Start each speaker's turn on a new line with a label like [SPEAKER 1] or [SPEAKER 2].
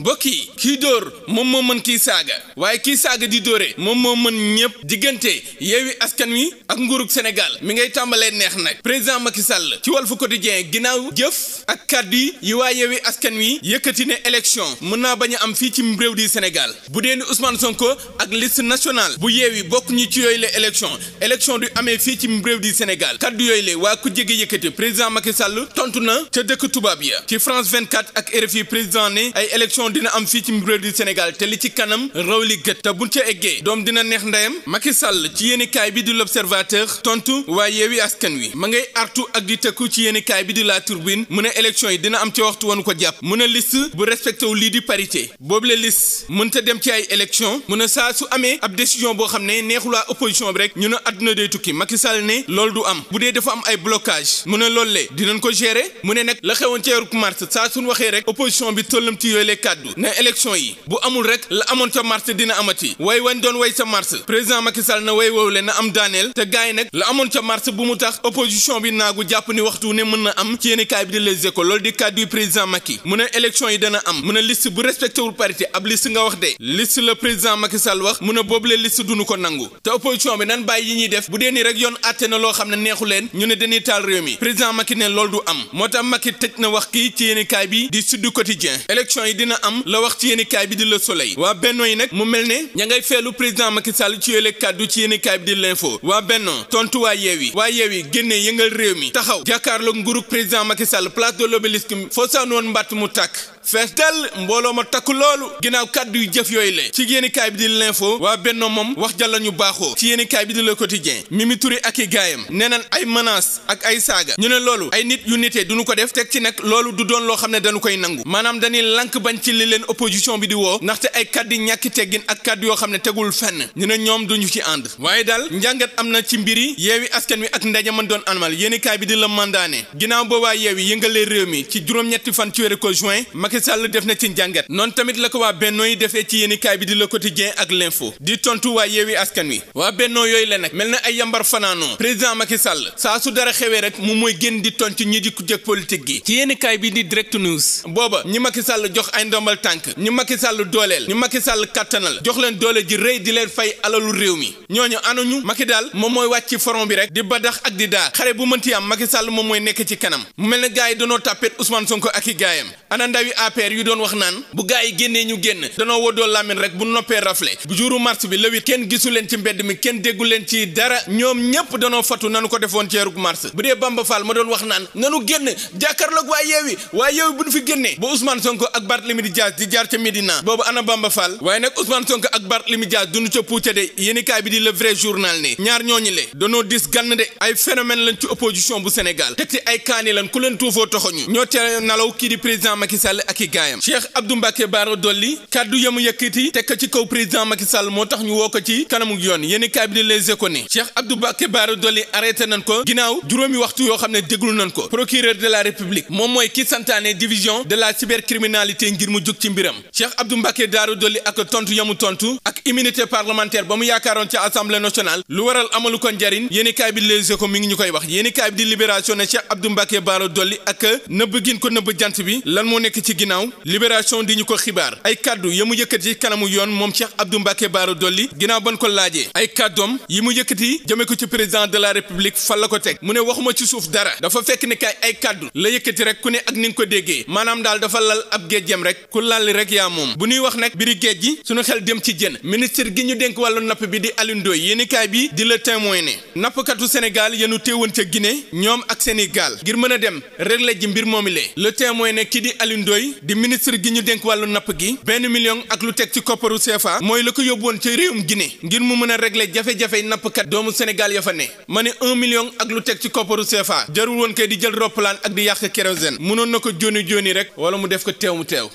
[SPEAKER 1] mbokk yi kii dóor moom moom mën kii saaga waaye kii saaga di dóore moom moom mën ñëpp diggante yeewi askan wi ak nguurug Sénégal mi ngay tàmbalee neex nag président Macky Sall ci Walf Quotidien ginnaaw jëf ak kàddu yi yi waa yeewi askan wi yëkkati ne élection mën naa bañ am fii ci réew di Sénégal bu dee ni Ousmane Sonko ak liste nationale bu yeewi bokk ñu ci yooyu la élection élection du amee fii ci réew di Sénégal kàddu yooyu la waa ku jege yëkkati président Macky Sall tontu na ca tubaab ya ci France 24 ak RFI président ne ay élection élection dina am fii ci réew di Sénégal te li ci kanam raw li gët ci yéenekaay bi di bi di La Tribune mu ne yi dina am ci waxtu wanu ko jàpp mu ne liste bu respecté wu lii di parité boobu la liste mënta dem ci ay élection mu ne saa su amee ab décision boo xam ne neexul waa opposition bi rek ñu ne adduna day tukki Macky ne loolu du am bu dee dafa am ay blocage mu a loolu le dinañ ko gérer mu ne nag la xewoon ci weeru mars saa suñ waxee rek opposition bi tollam ci yooyu kàddu ne élection yi bu amul rek la amoon ca mars dina amati way wañ doon way sa mars président Macky Sall na way wowle na am daaneel te gars yi nag la amoon ca mars bu mu tax opposition bi naagu jàpp ni waxtu ne mën na am ci yéeni kaay bi di les écoles loolu di yi président Macky mu ne élection yi dana am mu bu respecté parité ab liste nga wax de liste la président Macky Sall wax mu ne boobule liste duñu ko nangu te opposition bi nan bàyyi yi ñuy def bu dee ni rek yoon àtte na loo xam ne neexu leen ñu ne dañuy taal réew mi président Macky ne loolu du am moo tax Macky tëj na wax kii ci yéeni kaay bi di Sud Quotidien élection am la wax ci yéenekaay bi di la Soleil waa Benno yi nag mu mel ne ña ngay feelu président Macky Sall ci yële kàddu ci yéenekaay bi di L'Info waa Benno tontu waa Yewwi waa Yewwi génne yëngal réew mi taxaw jàkkaarloog nguurug président Macky Sall place de l'Obélisque foo saanoon mbat mu tàkk fees dell mbooloo ma takku loolu ginnaaw kàddu yu jëf yooyu le ci yéenikaay bi di l'info waa Benno moom wax ja la ñu baaxoo ci yéenikaay bi di le quotidien Mimi Touré ak i gaayam nee nañ ay menaces ak ay saaga ñu ne loolu ay nit yu nitee duñu ko def teg ci nag loolu du doon loo xam ne dañu koy nangu maanaam dañuy lank bañ ci li leen opposition bi di woo ndaxte ay kàddu ñàkki teggin ak kàddu yoo xam ne tegul fenn ñu ne ñoom duñu ci ànd waaye daal njàngat am na ci mbiri yeewi askan wi ak ndaje man doon amal yéenikaay bi di la mandaane ginnaaw boobaa yeewi yëngalee réew mi ci juróom-ñetti fan ci weeru juin Macky Sall def na ci njàngat noonu tamit la ko waa bennoo yi defee ci yéenikaay bi di Le Quotidien ak l'info di tontu waa yeewi askan wi waa bennoo yooyu la nag mel na ay yambar fanaanoo président Macky Sall saa su dara xewee rek moom mooy génn di tontu ñi di kujjeg politique gi ci yéenikaay bi di direct news booba ñi Macky Sall jox ay ndombal tànk ñu Macky sàll dooleel ñu Macky Sall kàttanal jox leen doole ji rey di leen fay alalu réew mi ñooñu ñu Macky daal moom mooy wàcc ci foron bi rek di badax ak di daa xare bu mënti am Macky Sall moom mooy nekk ci kanam mel ne gars yi danoo tàppet Ousmane Sonko ak i APR yu doon wax naan bu gaa yi génnee ñu génn danoo woddoo làmmiñ rek bu noppee rafle jouru mars bi lewit kenn gisu leen ci mbedd mi kenn déggu leen ci dara ñoom ñëpp danoo fatu nanu ko defoon ceerug mars bu dee Bamba Fall ma doon wax naan nanu génn jàkkaarloog waa yeewi waa yeewi bu ñu fi génnee ba Ousmane Sonko ak Barthélémy Dias di jaar ca Médina boobu ana Bamba Fall waaye nag Ousmane Sonko ak Barthélémy Dias di le vrai journal ne ñaar de ay bu Sénégal teg ci ay kaani lan ku leen tuufoo toxoñu ak i gaayam Cheikh Abdou Mbacke Baara Dolli kàddu yamu yëkkati teg ko ci kaw président Macky Sall moo tax ñu woo ko ci kanamu yoon yéen i kaay bi di Les ko yoo xam ne déglu nañ ko procureur de la moom mooy ki santaane division de la cybercriminalité ngir mu jug ci mbiram Cheikh Abdou Mbacke Baara Dolli ak tontu yamu tontu ak immunité parlementaire ba mu yaakaaroon ca assemblée nationale lu waral amalu ko njariñ yéen kaay bi di Les Échos mi ngi ñu koy wax yéen i kaay bi di libération ne Cheikh Abdou Mbacke Baara Dolli ak nëbb gin ko nëbb jant bi lan moo nekk ci ginnaaw libération di ñu ko xibaar ay kàddu ya mu yëkkati kanamu yoon moom Cheikh Abdou Mbacké Bara Dolly ginnaaw ban ko laajee ay kàddoom yi mu yëkkati jëme ko ci président de la république fan la ko teg mu ne waxuma ci suuf dara dafa fekk ne kay ay kàddu la yëkkati rek ku ne ak ni nga ko déggee maanaam daal dafa lal ab géejjam rek ku lalli rek yaa moom bu ñuy wax nag biri géej gi suñu xel dem ci jën ministre gi ñu dénk wàllu napp bi di Alioune Ndoye bi di Le Témoin ne nappkatu Sénégal yenu téewoon ca Guinée ñoom ak seeni gaal ngir mën a dem rek la ji mbir moomi le Le Témoin ne ki di Alioune di ministre gi ñu denk wàllu napp gi benn million ak lu teg ci kopparu CFA mooy la ko yóbbuwoon ci réewum Guinée ngir mu mën a régler jafe-jafe nappkat doomu Sénégal ya fa ne ma ne un million ak lu teg ci kopparu CFA jarul woon kay di jël roppalaan ak di yàq kérosène mënoon na ko jóoni jóoni rek wala mu def ko teew mu teew